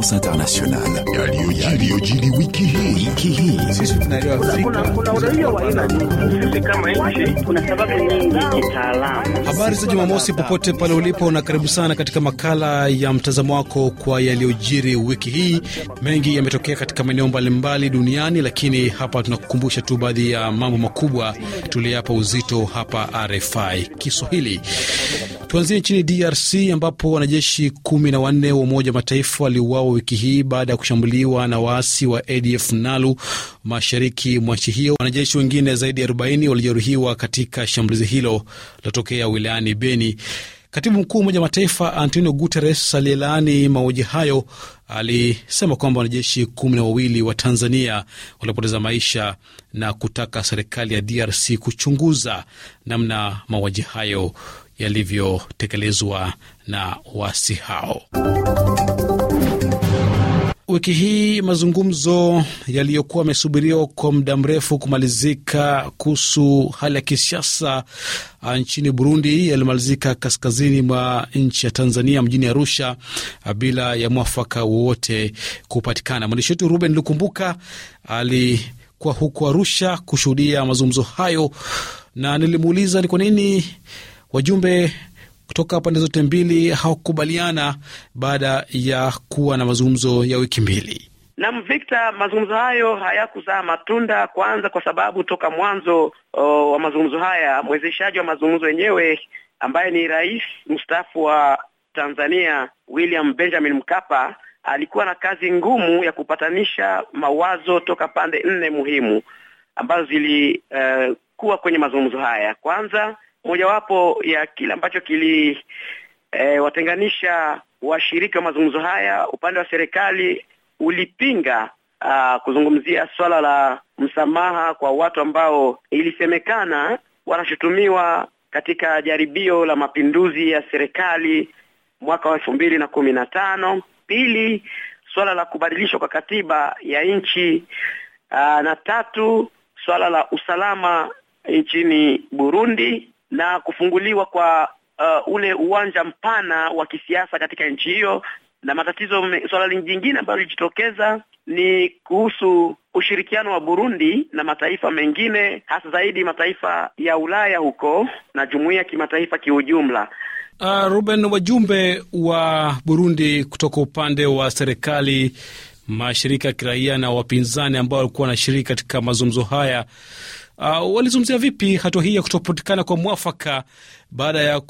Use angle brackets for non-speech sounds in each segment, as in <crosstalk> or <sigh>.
France internationale habari za Jumamosi popote pale ulipo, na karibu sana katika makala ya mtazamo wako kwa yaliyojiri wiki hii. Mengi yametokea katika maeneo mbalimbali duniani, lakini hapa tunakukumbusha tu baadhi ya mambo makubwa tuliyapa uzito hapa RFI Kiswahili. Tuanzie nchini DRC ambapo wanajeshi kumi na wanne wa Umoja wa Mataifa waliuawa wiki hii baada ya kushambuliwa na waasi wa ADF NALU mashariki mwa nchi hiyo. Wanajeshi wengine zaidi ya 40 walijeruhiwa katika shambulizi hilo lilotokea wilayani Beni. Katibu mkuu wa Umoja wa Mataifa Antonio Guterres aliyelaani mauaji hayo alisema kwamba wanajeshi kumi na wawili wa Tanzania waliopoteza maisha na kutaka serikali ya DRC kuchunguza namna mauaji hayo yalivyotekelezwa na waasi hao. Wiki hii mazungumzo yaliyokuwa yamesubiriwa kwa muda mrefu kumalizika kuhusu hali ya kisiasa ah, nchini Burundi yalimalizika kaskazini mwa nchi ya Tanzania, mjini Arusha, ah, bila ya mwafaka wowote kupatikana. Mwandishi wetu Ruben Lukumbuka alikuwa huko Arusha kushuhudia mazungumzo hayo, na nilimuuliza ni kwa nini wajumbe kutoka pande zote mbili hawakukubaliana baada ya kuwa na mazungumzo ya wiki mbili. nam Victor, mazungumzo hayo hayakuzaa matunda, kwanza kwa sababu toka mwanzo o, wa mazungumzo haya mwezeshaji wa mazungumzo yenyewe ambaye ni rais mstaafu wa Tanzania William Benjamin Mkapa alikuwa na kazi ngumu ya kupatanisha mawazo toka pande nne muhimu ambazo zilikuwa eh, uh, kwenye mazungumzo haya. Kwanza mojawapo ya kile ambacho kiliwatenganisha eh, e, washiriki wa mazungumzo haya, upande wa serikali ulipinga a, ah, kuzungumzia swala la msamaha kwa watu ambao ilisemekana wanashutumiwa katika jaribio la mapinduzi ya serikali mwaka wa elfu mbili na kumi na tano. Pili, swala la kubadilishwa kwa katiba ya nchi, ah, na tatu, swala la usalama nchini Burundi na kufunguliwa kwa uh, ule uwanja mpana wa kisiasa katika nchi hiyo. Na matatizo, swala lingine ambalo lilijitokeza ni kuhusu ushirikiano wa Burundi na mataifa mengine, hasa zaidi mataifa ya Ulaya huko na jumuiya ya kimataifa kiujumla. Uh, Ruben, wajumbe wa Burundi kutoka upande wa serikali, mashirika ya kiraia na wapinzani ambao walikuwa wanashiriki katika mazungumzo haya Uh, walizungumzia vipi hatua hii ya kutopatikana kwa mwafaka baada ya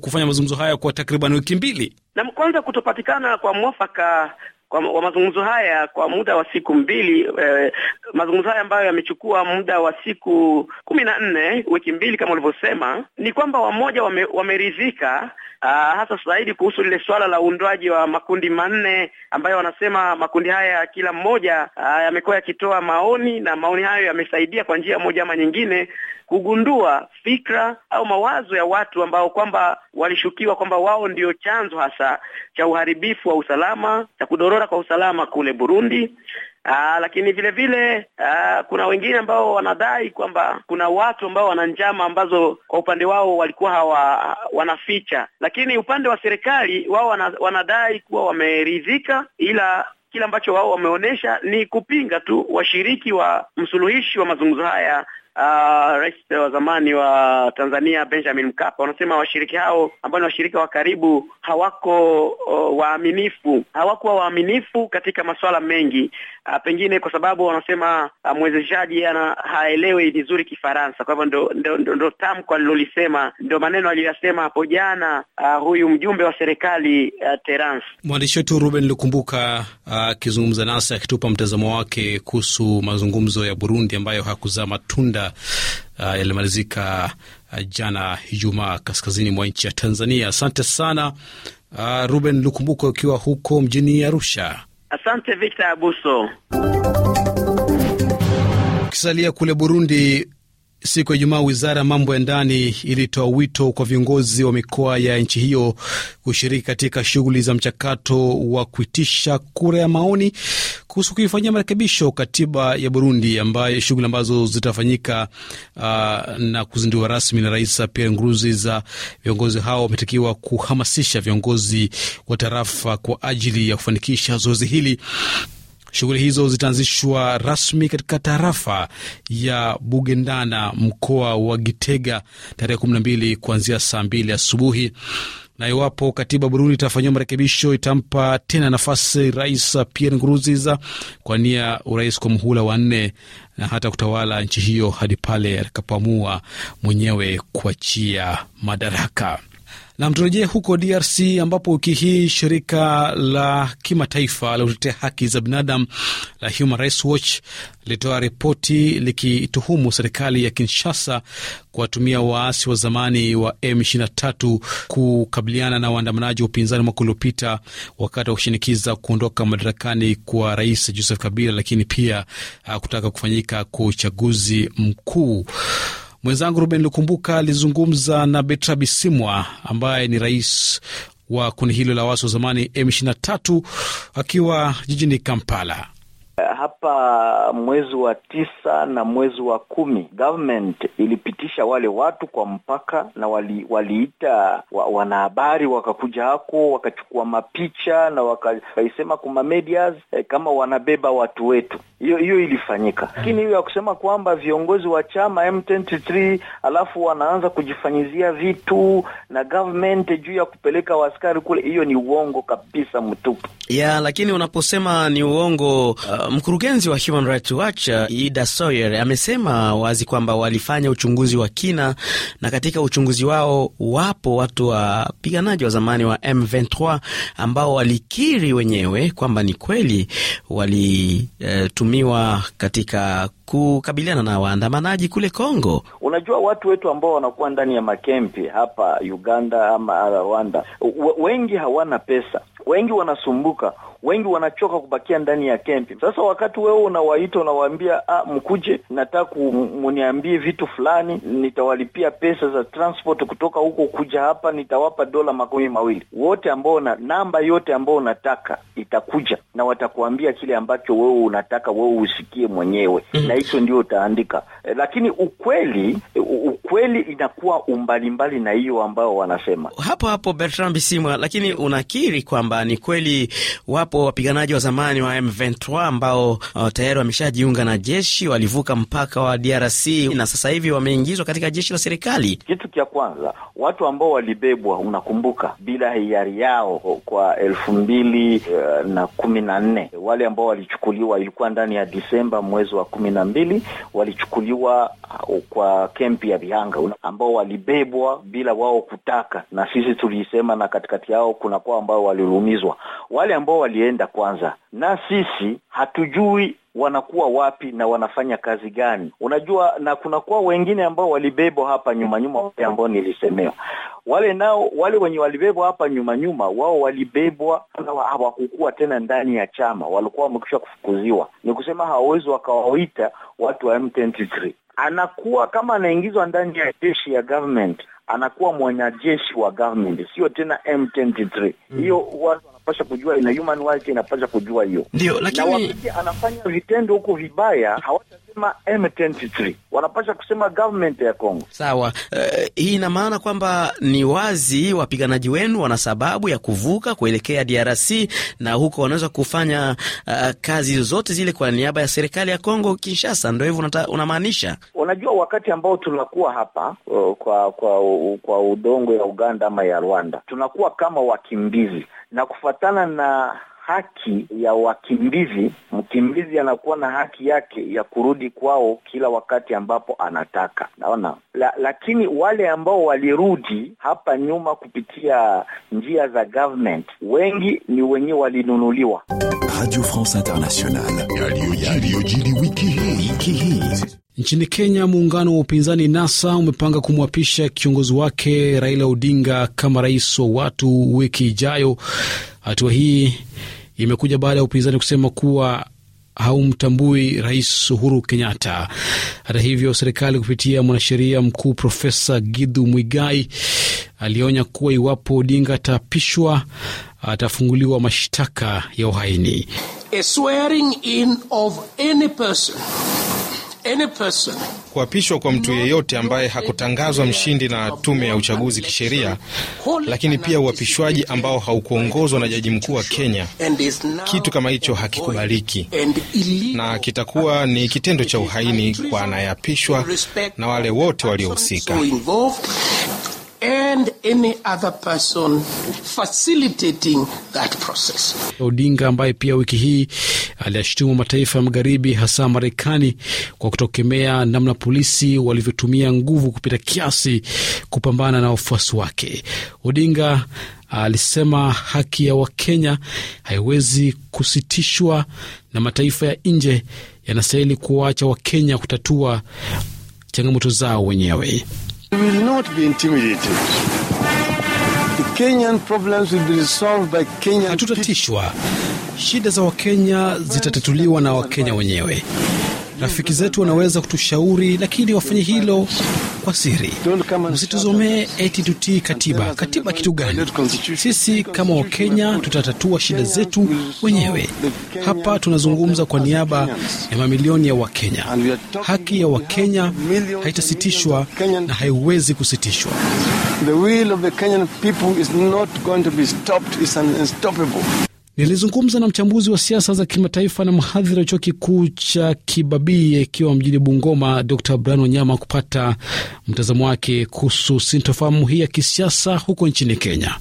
kufanya mazungumzo haya kwa takriban wiki mbili? Nam, kwanza kutopatikana kwa mwafaka kwa, wa mazungumzo haya kwa muda wa siku mbili eh, mazungumzo haya ambayo yamechukua muda wa siku kumi na nne wiki mbili kama ulivyosema, ni kwamba wamoja wame, wameridhika Uh, hasa zaidi kuhusu lile suala la uundwaji wa makundi manne ambayo wanasema makundi haya kila mmoja uh, yamekuwa yakitoa maoni na maoni hayo yamesaidia kwa njia moja ama nyingine kugundua fikra au mawazo ya watu ambao kwamba walishukiwa kwamba wao ndio chanzo hasa cha uharibifu wa usalama cha kudoro kudorora kwa usalama kule Burundi. Aa, ah, lakini vile vile aa, ah, kuna wengine ambao wanadai kwamba kuna watu ambao wana njama ambazo kwa upande wao walikuwa hawa wanaficha, lakini upande wa serikali wao wana, wanadai kuwa wameridhika, ila kile ambacho wao wameonyesha ni kupinga tu washiriki wa msuluhishi wa mazungumzo haya uh, rais wa zamani wa Tanzania Benjamin Mkapa. Wanasema washiriki hao ambao ni washirika wa karibu hawako uh, waaminifu, hawakuwa waaminifu katika masuala mengi uh, pengine kwa sababu wanasema uh, mwezeshaji haelewi vizuri Kifaransa. Kwa hivyo ndo, ndo, ndo, ndo tamko alilolisema, ndo maneno aliyoyasema hapo jana uh, huyu mjumbe wa serikali uh, Terence. Mwandishi wetu Ruben Lukumbuka akizungumza uh, nasi akitupa mtazamo wake kuhusu mazungumzo ya Burundi ambayo hakuzaa matunda Uganda uh, yalimalizika uh, jana Ijumaa kaskazini mwa nchi ya Tanzania. Asante sana uh, Ruben Lukumbuko ukiwa huko mjini Arusha. Asante Victor Abuso. Ukisalia kule Burundi, Siku ya Ijumaa, wizara ya mambo ya ndani ilitoa wito kwa viongozi wa mikoa ya nchi hiyo kushiriki katika shughuli za mchakato wa kuitisha kura ya maoni kuhusu kuifanyia marekebisho katiba ya Burundi, ambayo shughuli ambazo zitafanyika uh, na kuzinduliwa rasmi na Rais Pierre Nkurunziza. Viongozi hao wametakiwa kuhamasisha viongozi wa tarafa kwa ajili ya kufanikisha zoezi hili. Shughuli hizo zitaanzishwa rasmi katika tarafa ya Bugendana, mkoa wa Gitega, tarehe kumi na mbili kuanzia saa mbili asubuhi na iwapo katiba Burundi itafanyiwa marekebisho itampa tena nafasi Rais Pierre Nkurunziza nia urais kwa muhula wa nne na hata kutawala nchi hiyo hadi pale atakapoamua mwenyewe kuachia madaraka. Nam, turejee huko DRC ambapo wiki hii shirika la kimataifa la kutetea haki za binadamu la Human Rights Watch lilitoa ripoti likituhumu serikali ya Kinshasa kuwatumia waasi wa zamani wa M23 kukabiliana na waandamanaji wa upinzani mwaka uliopita, wakati wa kushinikiza kuondoka madarakani kwa Rais Joseph Kabila, lakini pia ah, kutaka kufanyika kwa uchaguzi mkuu. Mwenzangu Ruben Lukumbuka alizungumza na Bertrand Bisimwa ambaye ni rais wa kundi hilo la waasi wa zamani M23 akiwa jijini Kampala. Eh, hapa mwezi wa tisa na mwezi wa kumi government ilipitisha wale watu kwa mpaka, na wali, waliita wa, wanahabari wakakuja hako wakachukua mapicha na wakaisema kuma medias eh, kama wanabeba watu wetu. Hiyo hiyo ilifanyika, lakini hiyo ya kusema kwamba viongozi wa chama m alafu wanaanza kujifanyizia vitu na government juu ya kupeleka waskari kule, hiyo ni uongo kabisa mtupu ya. Lakini unaposema ni uongo uh, Mkurugenzi wa Human Rights Watch uh, Ida Sawyer amesema wazi kwamba walifanya uchunguzi wa kina, na katika uchunguzi wao wapo watu wapiganaji wa zamani wa M23 ambao walikiri wenyewe kwamba ni kweli walitumiwa e, katika kukabiliana na waandamanaji kule Kongo. Unajua, watu wetu ambao wanakuwa ndani ya makempi hapa Uganda ama Rwanda, wengi hawana pesa, wengi wanasumbuka wengi wanachoka kubakia ndani ya kempi. Sasa wakati wewe unawaita unawaambia, ah, mkuje, nataka muniambie vitu fulani, nitawalipia pesa za transport kutoka huko kuja hapa, nitawapa dola makumi mawili wote ambao na namba yote ambao unataka itakuja na watakuambia kile ambacho wewe unataka wewe usikie mwenyewe mm. na hicho ndio utaandika. E, lakini ukweli ukweli inakuwa umbalimbali na hiyo ambao wanasema hapo hapo. Bertrand Bisimwa, lakini unakiri kwamba ni kweli wa ambapo wapiganaji wa zamani wa M23 ambao uh, tayari wameshajiunga na jeshi walivuka mpaka wa DRC na sasa hivi wameingizwa katika jeshi la serikali. Kitu cha kwanza, watu ambao walibebwa, unakumbuka, bila hiari yao kwa elfu mbili uh, na kumi na nne, wale ambao walichukuliwa ilikuwa ndani ya Disemba mwezi wa kumi na mbili, walichukuliwa uh, kwa kempi ya Vihanga, ambao walibebwa bila wao kutaka, na sisi tuliisema, na katikati yao kuna kwa ambao waliumizwa, wale ambao wali walienda kwanza, na sisi hatujui wanakuwa wapi na wanafanya kazi gani, unajua. Na kunakuwa wengine ambao walibebwa hapa nyuma nyuma, wale ambao nilisemewa wale nao, wale wenye walibebwa hapa nyuma nyuma, wao walibebwa, hawakukuwa tena ndani ya chama, walikuwa wamekwisha kufukuziwa. Ni kusema hawawezi wakawaita watu wa M23 anakuwa kama anaingizwa ndani ya jeshi ya government, anakuwa mwanajeshi wa government, sio tena M23 mm. hiyo. mm. watu wanapasha kujua, ina human rights inapasha kujua hiyo ndio, lakini na wakati anafanya vitendo huko vibaya hawatasema M23, wanapasha kusema government ya Congo. Sawa. Uh, hii ina maana kwamba ni wazi wapiganaji wenu wana sababu ya kuvuka kuelekea DRC na huko wanaweza kufanya uh, kazi zote zile kwa niaba ya serikali ya Congo Kinshasa, ndio hivyo unamaanisha? Unajua, wakati ambao tunakuwa hapa uh, kwa kwa kwa udongo ya Uganda ama ya Rwanda, tunakuwa kama wakimbizi, na kufatana na haki ya wakimbizi, mkimbizi anakuwa na haki yake ya kurudi kwao kila wakati ambapo anataka. Naona la, lakini wale ambao walirudi hapa nyuma kupitia njia za government, wengi ni wenyewe walinunuliwa. Radio France Internationale, yaliyojiri wiki hii. Nchini Kenya, muungano wa upinzani NASA umepanga kumwapisha kiongozi wake Raila Odinga kama rais wa watu wiki ijayo. Hatua hii imekuja baada ya upinzani kusema kuwa haumtambui Rais Uhuru Kenyatta. Hata hivyo, serikali kupitia mwanasheria mkuu Profesa Gidhu Mwigai alionya kuwa iwapo Odinga ataapishwa atafunguliwa mashtaka ya uhaini. Kuapishwa kwa mtu yeyote ambaye hakutangazwa uh, mshindi na tume ya uchaguzi kisheria, lakini pia uapishwaji ambao haukuongozwa na jaji mkuu wa Kenya, kitu kama hicho hakikubaliki na kitakuwa ni kitendo cha uhaini kwa anayeapishwa na wale wote waliohusika and any other person facilitating that process. Odinga ambaye pia wiki hii aliyashutumu mataifa ya magharibi hasa Marekani kwa kutokemea namna polisi walivyotumia nguvu kupita kiasi kupambana na wafuasi wake. Odinga alisema haki ya Wakenya haiwezi kusitishwa na mataifa ya nje yanastahili kuwaacha Wakenya kutatua changamoto zao wenyewe. We will not be intimidated. The Kenyan problems will be resolved by Kenyan. Hatutatishwa. Shida za Wakenya zitatatuliwa na Wakenya wenyewe. Rafiki zetu wanaweza kutushauri, lakini wafanye hilo kwa siri, msituzomee eti tutii katiba. Katiba kitu gani? Sisi kama Wakenya tutatatua shida zetu wenyewe. Hapa tunazungumza kwa niaba ya mamilioni ya Wakenya. Haki ya Wakenya haitasitishwa na haiwezi kusitishwa. The will of the Kenyan people is not going to be stopped, unstoppable. Nilizungumza na mchambuzi wa siasa za kimataifa na mhadhiri wa chuo kikuu cha Kibabii akiwa mjini Bungoma, Dr Brian Wanyama kupata mtazamo wake kuhusu sintofahamu hii ya kisiasa huko nchini Kenya.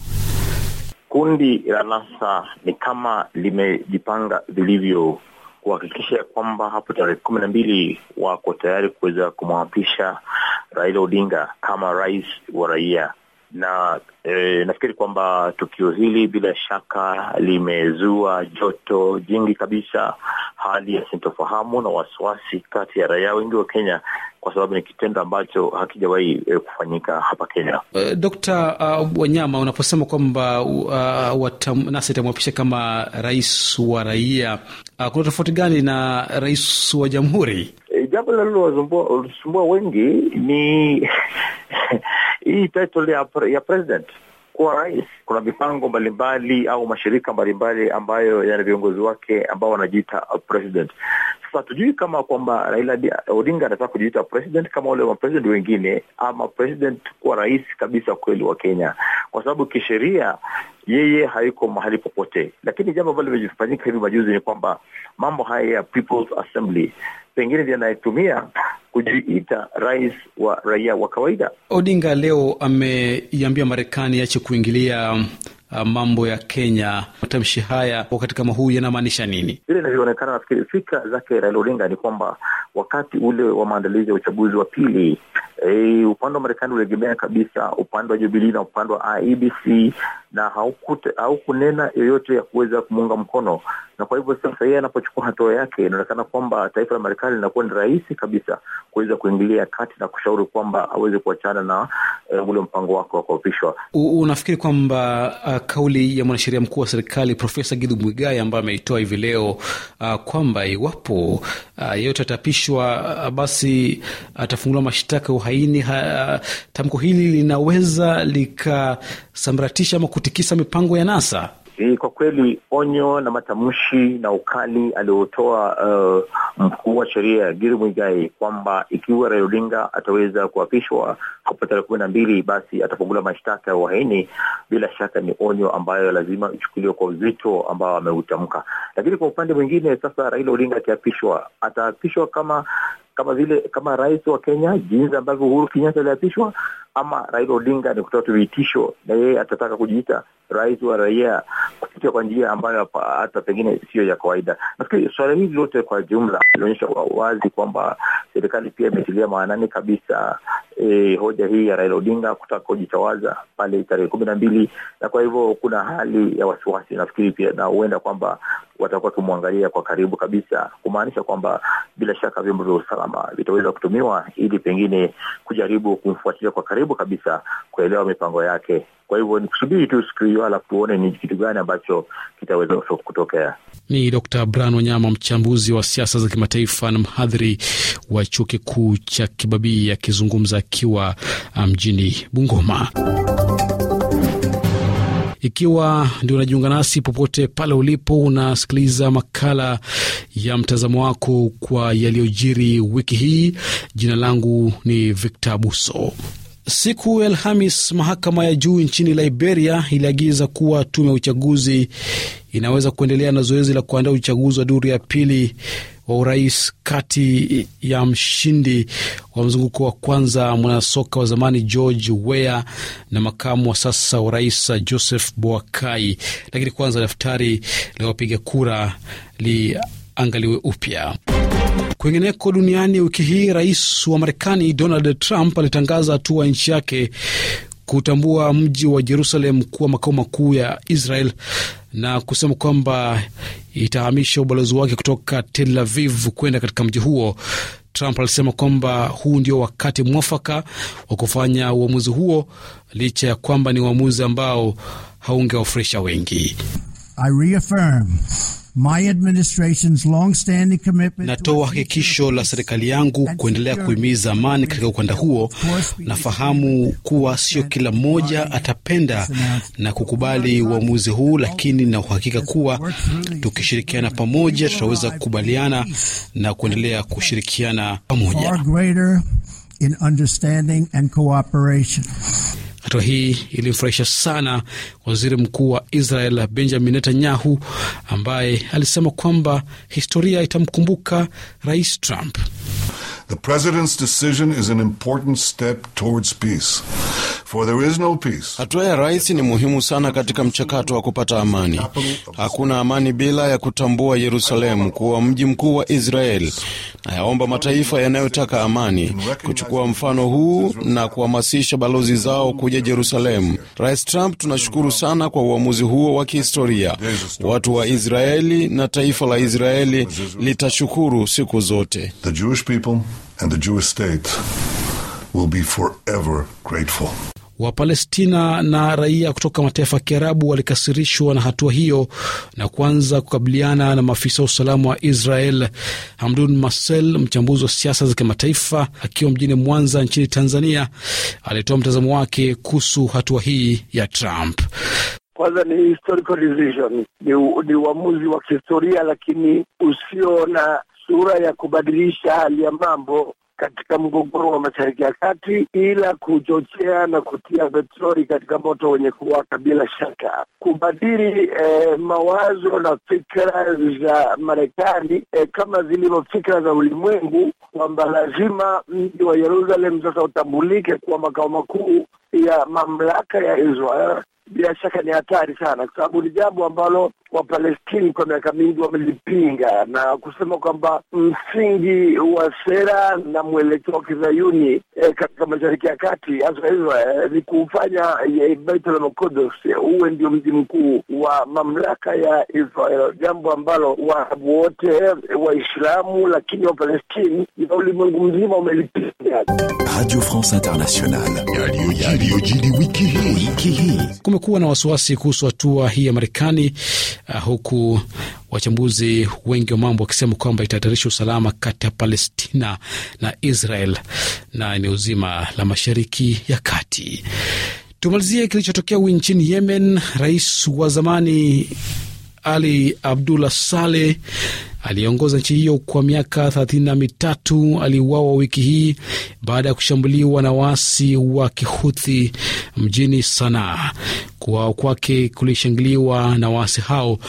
Kundi la NASA ni kama limejipanga vilivyo kuhakikisha kwamba hapo tarehe kumi na mbili wako tayari kuweza kumwapisha Raila Odinga kama rais wa raia na e, nafikiri kwamba tukio hili bila shaka limezua joto jingi kabisa, hali ya sintofahamu na wasiwasi kati ya raia wengi wa Kenya kwa sababu ni kitendo ambacho hakijawahi e, kufanyika hapa Kenya. Uh, Dokta uh, Wanyama, unaposema kwamba uh, NASA itamwapisha kama rais wa raia, uh, kuna tofauti gani na rais wa jamhuri? E, jambo linalowasumbua wengi ni <laughs> hii title ya, ya president kuwa rais. Kuna mipango mbalimbali au mashirika mbalimbali ambayo yana viongozi wake ambao wanajiita president. Sasa hatujui kama kwamba Raila Odinga anataka kujiita president kama wale mapresident wengine, ama president kuwa rais kabisa kweli wa Kenya, kwa sababu kisheria yeye hayuko mahali popote. Lakini jambo ambalo limefanyika hivi majuzi ni kwamba mambo haya ya People's Assembly pengine anayetumia kujiita rais wa raia wa kawaida. Odinga leo ameiambia Marekani ache kuingilia uh, mambo ya Kenya. Matamshi haya wakati kama huu yanamaanisha nini? Vile inavyoonekana, nafikiri fikra zake Raila Odinga ni kwamba wakati ule wa maandalizi ya uchaguzi wa pili, e, upande wa Marekani uliegemea kabisa upande wa Jubilii na upande wa IEBC na haukunena yoyote ya kuweza kumuunga mkono, na kwa hivyo sasa yeye anapochukua hatua yake, inaonekana kwamba taifa la Marekani linakuwa ni rahisi kabisa kuweza kuingilia kati na kushauri kwamba aweze kuachana na uh, ule mpango wake wa kuapishwa. Unafikiri kwamba uh, kauli ya mwanasheria mkuu wa serikali Profesa gidhu mwigai ambaye ameitoa hivi leo uh, kwamba iwapo uh, yeyote ataapishwa uh, basi atafunguliwa uh, mashtaka ya uhaini uh, tamko hili linaweza likasambaratisha ama kutikisa mipango ya NASA? E, kwa kweli onyo na matamshi na ukali aliotoa uh, mkuu wa sheria Giri Mwigai kwamba ikiwa Raila Odinga ataweza kuapishwa hapo tarehe kumi na mbili, basi atafunguliwa mashtaka ya uhaini, bila shaka ni onyo ambayo lazima ichukuliwe kwa uzito ambao ameutamka. Lakini kwa upande mwingine sasa, Raila Odinga akiapishwa, ataapishwa kama kama vile kama rais wa Kenya jinsi ambavyo Uhuru Kenyatta aliapishwa, ama Raila Odinga ni kutoa tuvitisho na yeye atataka kujiita rais wa raia kupitia kwa njia ambayo hata pengine sio ya kawaida. Nafikiri suala hili lote kwa jumla linaonyesha wazi kwamba serikali pia imetilia maanani kabisa e, hoja hii ya Raila Odinga kutaka kujitawaza pale tarehe kumi na mbili, na kwa hivyo kuna hali ya wasiwasi nafikiri pia, na huenda kwamba watakuwa wakimwangalia kwa karibu kabisa, kumaanisha kwamba bila shaka vyombo vya usalama vitaweza kutumiwa ili pengine kujaribu kumfuatilia kwa karibu karibu kabisa kuelewa mipango yake. Kwa hivyo nikusubiri tu siku hiyo, halafu tuone ni kitu gani ambacho kitaweza kutokea. Ni d bran Wanyama, mchambuzi wa siasa za kimataifa na mhadhiri wa chuo kikuu cha Kibabii, akizungumza akiwa ah, mjini Bungoma. Ikiwa ndio unajiunga nasi popote pale ulipo, unasikiliza makala ya mtazamo wako kwa yaliyojiri wiki hii. Jina langu ni Victor Buso. Siku ya Alhamis, mahakama ya juu nchini Liberia iliagiza kuwa tume ya uchaguzi inaweza kuendelea na zoezi la kuandaa uchaguzi wa duru ya pili wa urais kati ya mshindi wa mzunguko wa kwanza mwanasoka wa zamani George Weah na makamu wa sasa wa rais Joseph Boakai, lakini kwanza daftari la wapiga kura liangaliwe upya. Kwingineko duniani, wiki hii rais wa Marekani Donald Trump alitangaza hatua nchi yake kutambua mji wa Jerusalem kuwa makao makuu ya Israel na kusema kwamba itahamisha ubalozi wake kutoka Tel Aviv kwenda katika mji huo. Trump alisema kwamba huu ndio wakati mwafaka wa kufanya uamuzi huo licha ya kwamba ni uamuzi ambao haungewafurahisha wengi. I reaffirm. Natoa hakikisho la serikali yangu kuendelea kuhimiza amani katika ukanda huo. Nafahamu kuwa sio kila mmoja atapenda na kukubali uamuzi huu, lakini na uhakika kuwa tukishirikiana pamoja tutaweza kukubaliana na kuendelea kushirikiana pamoja. Hatua hii ilimfurahisha sana waziri mkuu wa Israel Benjamin Netanyahu, ambaye alisema kwamba historia itamkumbuka Rais Trump. The president's decision is an important step towards peace. For there is no peace. Hatua ya rais ni muhimu sana katika mchakato wa kupata amani. Hakuna amani bila ya kutambua Yerusalemu kuwa mji mkuu wa Israeli. Nayaomba mataifa yanayotaka amani kuchukua mfano huu na kuhamasisha balozi zao kuja Jerusalemu. Rais Trump, tunashukuru sana kwa uamuzi huo wa kihistoria. Watu wa Israeli na taifa la Israeli litashukuru siku zote. The Jewish people and the Jewish state will be forever grateful. Wapalestina na raia kutoka mataifa ya Kiarabu walikasirishwa na hatua hiyo na kuanza kukabiliana na maafisa wa usalama wa Israel. Hamdun Masel, mchambuzi wa siasa za kimataifa, akiwa mjini Mwanza nchini Tanzania, alitoa mtazamo wake kuhusu hatua hii ya Trump. Kwanza ni historical decision, ni uamuzi wa kihistoria, lakini usio na sura ya kubadilisha hali ya mambo katika mgogoro wa Mashariki ya Kati, ila kuchochea na kutia petroli katika moto wenye kuwaka bila shaka, kubadili eh, mawazo na fikra za Marekani eh, kama zilivyo fikra za ulimwengu kwamba lazima mji wa Yerusalem sasa utambulike kuwa makao makuu ya mamlaka ya Israel bila shaka ni hatari sana, kwa sababu ni jambo ambalo Wapalestini kwa miaka mingi wamelipinga na kusema kwamba msingi wa sera na mwelekeo wa kizayuni e, katika mashariki ya kati hasa Israel ni kufanya eh, Baitul Maqdis eh, uwe ndio mji mkuu wa mamlaka ya Israel, jambo ambalo Waarabu wote Waislamu, lakini Wapalestini na ulimwengu mzima umelipinga. Radio France Internationale. wiki hii. Wiki hii kumekuwa na wasiwasi kuhusu hatua hii ya Marekani, uh, huku wachambuzi wengi wa mambo wakisema kwamba itahatarisha usalama kati ya Palestina na Israel na eneo zima la Mashariki ya Kati. Tumalizie kilichotokea nchini Yemen. Rais wa zamani ali Abdullah Saleh aliyeongoza nchi hiyo kwa miaka thelathini na mitatu aliuawa wiki hii baada ya kushambuliwa na waasi wa kihuthi mjini Sanaa. Kuuawa kwake kulishangiliwa na waasi hao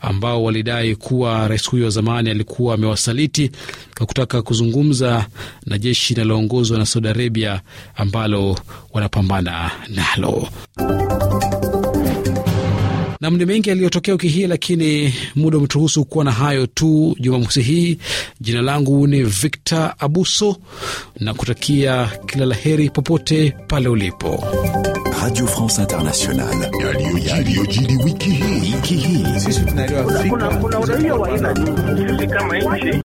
ambao walidai kuwa rais huyo wa zamani alikuwa amewasaliti kwa kutaka kuzungumza na jeshi linaloongozwa na Saudi Arabia ambalo wanapambana nalo. Nam, ni mengi yaliyotokea wiki hii, lakini muda umeturuhusu kuwa na hayo tu Jumamosi hii. Jina langu ni Victor Abuso na kutakia kila la heri popote pale ulipo. Radio France International, yaliyojiri wiki hii.